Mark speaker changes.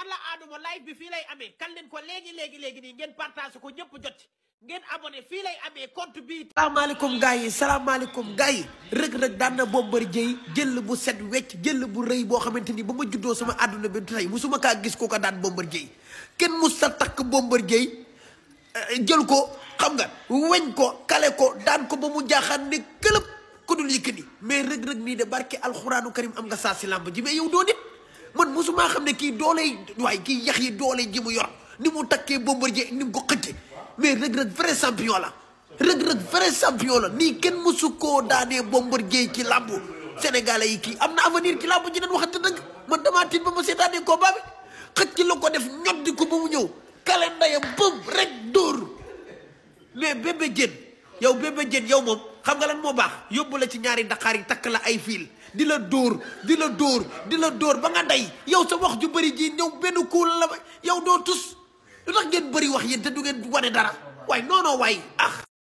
Speaker 1: alla aaduma live bi fii lay amee kan leen ko léegi léegi léegi nii ngeen partage ko ñëpp jot ngeen abonné fii lay amee compte bi. salaamaaleykum gars yi salaamaaleykum gars yi rëg-rëg daan na Bombardier jël bu set wecc jël bu rëy boo xamante ni ba ma juddoo sama àdduna bi tey musuma kaa gis ko ko daan Bombardier kenn mus sa takk Bombardier eh, jël ko xam nga weñ ko kale ko daan ko ba mu jaaxaan ne këlëb ku dul Yékini mais rëg-rëg nii de barke alxuraanu karim am nga saa si làmb ji yow doo nit man mosumaa xam ne kii dooley waaye kii yax yi doole ji mu yor ni mu takkee Bombardier ni mu ko xëcce mais Reug Reug vrai champion la Reug Reug vrai champion la nii kenn mosu koo daanee Bombardier ci làmb sénégalais yi kii am na avenir ci làmb ji nañ waxante dëgg man damaa tiit ba ma seetaanee combat bi xëcc la ko def ñoddi ko ba mu ñëw calendrier bëm rek dóor mais Bébé Diène yow Bébé Diène yow moom xam nga lan moo baax yóbbu la ci ñaari daqaar yi takk la ay fiil di la dóor di la dóor di la dóor ba nga day yow sa wax ju bëri ji ñëw benn kuul la yow doo tus lu tax ngeen bëri wax yéen te du ngeen wane dara waaye non non waay ah.